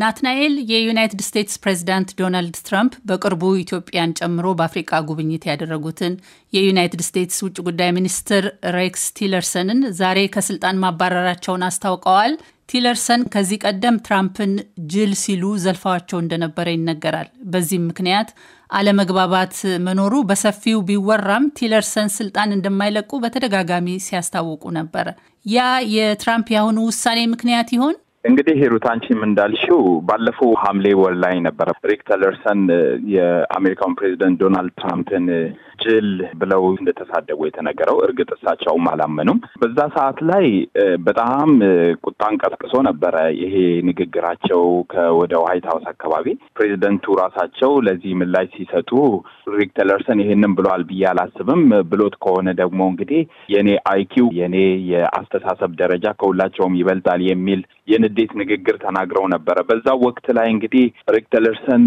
ናትናኤል የዩናይትድ ስቴትስ ፕሬዚዳንት ዶናልድ ትራምፕ በቅርቡ ኢትዮጵያን ጨምሮ በአፍሪቃ ጉብኝት ያደረጉትን የዩናይትድ ስቴትስ ውጭ ጉዳይ ሚኒስትር ሬክስ ቲለርሰንን ዛሬ ከስልጣን ማባረራቸውን አስታውቀዋል። ቲለርሰን ከዚህ ቀደም ትራምፕን ጅል ሲሉ ዘልፈዋቸው እንደነበረ ይነገራል። በዚህም ምክንያት አለመግባባት መኖሩ በሰፊው ቢወራም ቲለርሰን ስልጣን እንደማይለቁ በተደጋጋሚ ሲያስታውቁ ነበረ። ያ የትራምፕ የአሁኑ ውሳኔ ምክንያት ይሆን? እንግዲህ ሂሩት አንቺም እንዳልሽው ባለፈው ሐምሌ ወር ላይ ነበረ ሪክ ቲለርሰን የአሜሪካውን ፕሬዚደንት ዶናልድ ትራምፕን ጅል ብለው እንደተሳደቡ የተነገረው። እርግጥ እሳቸውም አላመኑም። በዛ ሰዓት ላይ በጣም ቁጣን ቀስቅሶ ነበረ ይሄ ንግግራቸው ከወደ ዋይት ሀውስ አካባቢ ፕሬዚደንቱ ራሳቸው ለዚህ ምላሽ ሲሰጡ ሪክ ቲለርሰን ይሄንን ብሏል ብዬ አላስብም። ብሎት ከሆነ ደግሞ እንግዲህ የኔ አይኪው የኔ የአስተሳሰብ ደረጃ ከሁላቸውም ይበልጣል የሚል የንዴት ንግግር ተናግረው ነበረ። በዛ ወቅት ላይ እንግዲህ ሪክ ቲለርሰን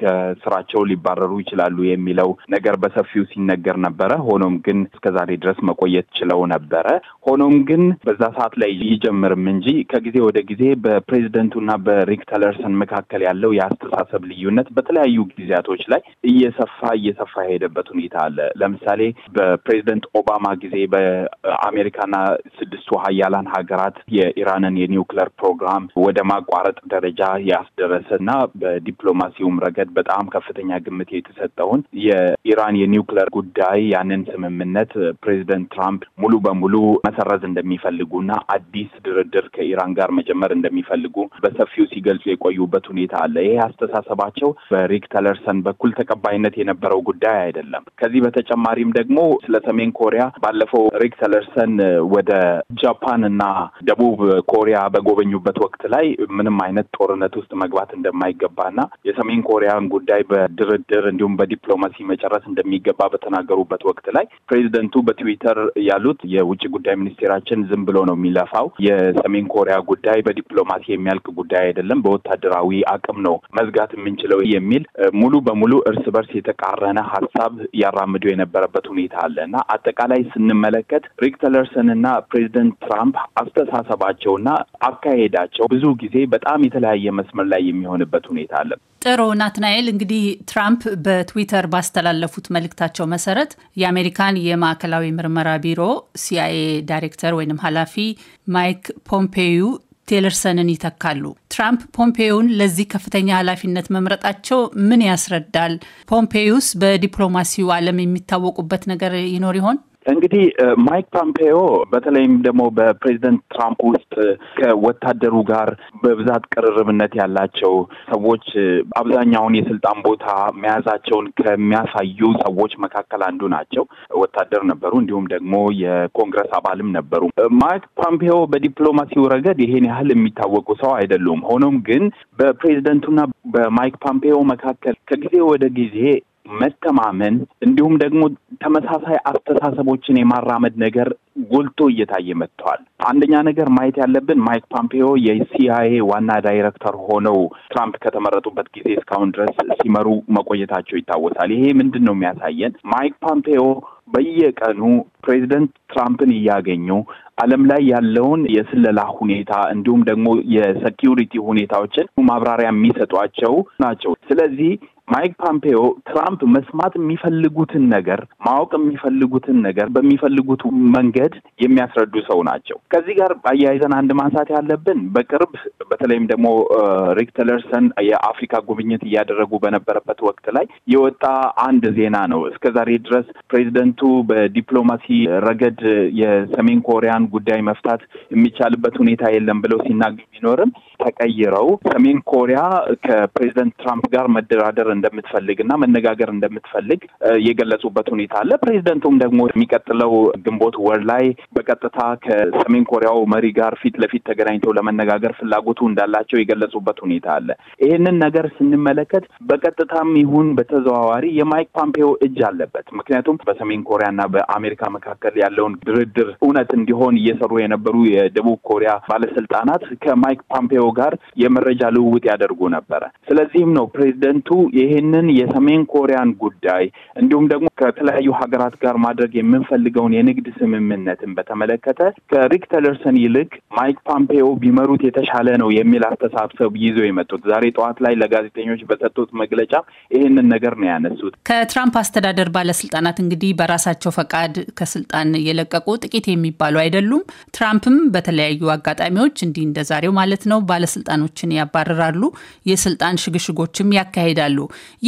ከስራቸው ሊባረሩ ይችላሉ የሚለው ነገር በሰፊው ሲነገር ነበረ። ሆኖም ግን እስከዛሬ ድረስ መቆየት ችለው ነበረ። ሆኖም ግን በዛ ሰዓት ላይ ይጀምርም እንጂ ከጊዜ ወደ ጊዜ በፕሬዚደንቱና በሪክ ቲለርሰን መካከል ያለው የአስተሳሰብ ልዩነት በተለያዩ ጊዜያቶች ላይ እየሰፋ እየሰፋ የሄደበት ሁኔታ አለ። ለምሳሌ በፕሬዚደንት ኦባማ ጊዜ በአሜሪካና ስድስቱ ሀያላን ሀገራት የኢራንን የኒውክለር ፕሮግራም ወደ ማቋረጥ ደረጃ ያስደረሰ እና በዲፕሎማሲውም ረገድ በጣም ከፍተኛ ግምት የተሰጠውን የኢራን የኒውክለር ጉዳይ ያንን ስምምነት ፕሬዚደንት ትራምፕ ሙሉ በሙሉ መሰረዝ እንደሚፈልጉና አዲስ ድርድር ከኢራን ጋር መጀመር እንደሚፈልጉ በሰፊው ሲገልጹ የቆዩበት ሁኔታ አለ። ይሄ አስተሳሰባቸው በሪክ ተለርሰን በኩል ተቀባይነት የነበረው ጉዳይ አይደለም። ከዚህ በተጨማሪም ደግሞ ስለ ሰሜን ኮሪያ ባለፈው ሪክ ተለርሰን ወደ ጃፓን እና ደቡብ ኮሪያ በጎበ በሚገኙበት ወቅት ላይ ምንም አይነት ጦርነት ውስጥ መግባት እንደማይገባና የሰሜን ኮሪያን ጉዳይ በድርድር እንዲሁም በዲፕሎማሲ መጨረስ እንደሚገባ በተናገሩበት ወቅት ላይ ፕሬዚደንቱ በትዊተር ያሉት የውጭ ጉዳይ ሚኒስቴራችን ዝም ብሎ ነው የሚለፋው፣ የሰሜን ኮሪያ ጉዳይ በዲፕሎማሲ የሚያልቅ ጉዳይ አይደለም፣ በወታደራዊ አቅም ነው መዝጋት የምንችለው የሚል ሙሉ በሙሉ እርስ በርስ የተቃረነ ሀሳብ ያራምዱ የነበረበት ሁኔታ አለ እና አጠቃላይ ስንመለከት ሪክ ቲለርሰን እና ፕሬዚደንት ትራምፕ አስተሳሰባቸውና አካሄ አካሄዳቸው ብዙ ጊዜ በጣም የተለያየ መስመር ላይ የሚሆንበት ሁኔታ አለ። ጥሩ ናትናኤል፣ እንግዲህ ትራምፕ በትዊተር ባስተላለፉት መልእክታቸው መሰረት የአሜሪካን የማዕከላዊ ምርመራ ቢሮ ሲአይኤ ዳይሬክተር ወይም ኃላፊ ማይክ ፖምፔዩ ቴለርሰንን ይተካሉ። ትራምፕ ፖምፔዮን ለዚህ ከፍተኛ ኃላፊነት መምረጣቸው ምን ያስረዳል? ፖምፔዩስ በዲፕሎማሲው ዓለም የሚታወቁበት ነገር ይኖር ይሆን? እንግዲህ ማይክ ፓምፔዮ በተለይም ደግሞ በፕሬዚደንት ትራምፕ ውስጥ ከወታደሩ ጋር በብዛት ቅርርብነት ያላቸው ሰዎች አብዛኛውን የስልጣን ቦታ መያዛቸውን ከሚያሳዩ ሰዎች መካከል አንዱ ናቸው። ወታደር ነበሩ፣ እንዲሁም ደግሞ የኮንግረስ አባልም ነበሩ። ማይክ ፓምፔዮ በዲፕሎማሲው ረገድ ይሄን ያህል የሚታወቁ ሰው አይደሉም። ሆኖም ግን በፕሬዚደንቱና በማይክ ፓምፔዮ መካከል ከጊዜ ወደ ጊዜ መተማመን እንዲሁም ደግሞ ተመሳሳይ አስተሳሰቦችን የማራመድ ነገር ጎልቶ እየታየ መጥተዋል። አንደኛ ነገር ማየት ያለብን ማይክ ፖምፔዮ የሲአይኤ ዋና ዳይሬክተር ሆነው ትራምፕ ከተመረጡበት ጊዜ እስካሁን ድረስ ሲመሩ መቆየታቸው ይታወሳል። ይሄ ምንድን ነው የሚያሳየን? ማይክ ፖምፔዮ በየቀኑ ፕሬዚደንት ትራምፕን እያገኙ ዓለም ላይ ያለውን የስለላ ሁኔታ እንዲሁም ደግሞ የሴኪሪቲ ሁኔታዎችን ማብራሪያ የሚሰጧቸው ናቸው። ስለዚህ ማይክ ፖምፔዮ ትራምፕ መስማት የሚፈልጉትን ነገር ማወቅ የሚፈልጉትን ነገር በሚፈልጉት መንገድ የሚያስረዱ ሰው ናቸው። ከዚህ ጋር አያይዘን አንድ ማንሳት ያለብን በቅርብ በተለይም ደግሞ ሪክ ቲለርሰን የአፍሪካ ጉብኝት እያደረጉ በነበረበት ወቅት ላይ የወጣ አንድ ዜና ነው። እስከ ዛሬ ድረስ ፕሬዚደንቱ በዲፕሎማሲ በዚህ ረገድ የሰሜን ኮሪያን ጉዳይ መፍታት የሚቻልበት ሁኔታ የለም ብለው ሲናገ ቢኖርም ተቀይረው ሰሜን ኮሪያ ከፕሬዚደንት ትራምፕ ጋር መደራደር እንደምትፈልግ እና መነጋገር እንደምትፈልግ የገለጹበት ሁኔታ አለ። ፕሬዚደንቱም ደግሞ የሚቀጥለው ግንቦት ወር ላይ በቀጥታ ከሰሜን ኮሪያው መሪ ጋር ፊት ለፊት ተገናኝተው ለመነጋገር ፍላጎቱ እንዳላቸው የገለጹበት ሁኔታ አለ። ይህንን ነገር ስንመለከት በቀጥታም ይሁን በተዘዋዋሪ የማይክ ፖምፔዮ እጅ አለበት። ምክንያቱም በሰሜን ኮሪያ እና በአሜሪካ መካከል ያለውን ድርድር እውነት እንዲሆን እየሰሩ የነበሩ የደቡብ ኮሪያ ባለስልጣናት ከማይክ ፓምፔዮ ጋር የመረጃ ልውውጥ ያደርጉ ነበረ። ስለዚህም ነው ፕሬዚደንቱ ይህንን የሰሜን ኮሪያን ጉዳይ እንዲሁም ደግሞ ከተለያዩ ሀገራት ጋር ማድረግ የምንፈልገውን የንግድ ስምምነትን በተመለከተ ከሪክ ቲለርሰን ይልቅ ማይክ ፓምፔዮ ቢመሩት የተሻለ ነው የሚል አስተሳሰብ ይዞ የመጡት ዛሬ ጠዋት ላይ ለጋዜጠኞች በሰጡት መግለጫ ይህንን ነገር ነው ያነሱት። ከትራምፕ አስተዳደር ባለስልጣናት እንግዲህ በራሳቸው ፈቃድ ከስ ስልጣን የለቀቁ ጥቂት የሚባሉ አይደሉም። ትራምፕም በተለያዩ አጋጣሚዎች እንዲህ እንደዛሬው ማለት ነው ባለስልጣኖችን ያባረራሉ፣ የስልጣን ሽግሽጎችም ያካሂዳሉ።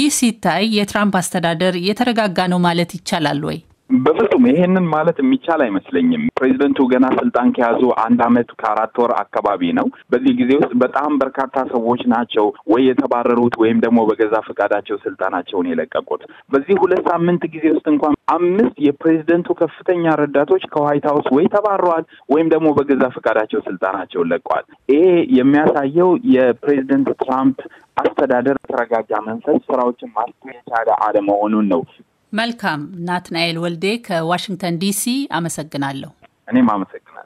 ይህ ሲታይ የትራምፕ አስተዳደር የተረጋጋ ነው ማለት ይቻላል ወይ? በፍጹም ይሄንን ማለት የሚቻል አይመስለኝም። ፕሬዚደንቱ ገና ስልጣን ከያዙ አንድ አመት ከአራት ወር አካባቢ ነው። በዚህ ጊዜ ውስጥ በጣም በርካታ ሰዎች ናቸው ወይ የተባረሩት ወይም ደግሞ በገዛ ፈቃዳቸው ስልጣናቸውን የለቀቁት። በዚህ ሁለት ሳምንት ጊዜ ውስጥ እንኳን አምስት የፕሬዚደንቱ ከፍተኛ ረዳቶች ከዋይት ሀውስ ወይ ተባረዋል ወይም ደግሞ በገዛ ፈቃዳቸው ስልጣናቸውን ለቀዋል። ይሄ የሚያሳየው የፕሬዚደንት ትራምፕ አስተዳደር ተረጋጋ መንፈስ ስራዎችን ማስኬድ የቻለ አለመሆኑን ነው። መልካም ናትናኤል ወልዴ ከዋሽንግተን ዲሲ አመሰግናለሁ። እኔም አመሰግናለሁ።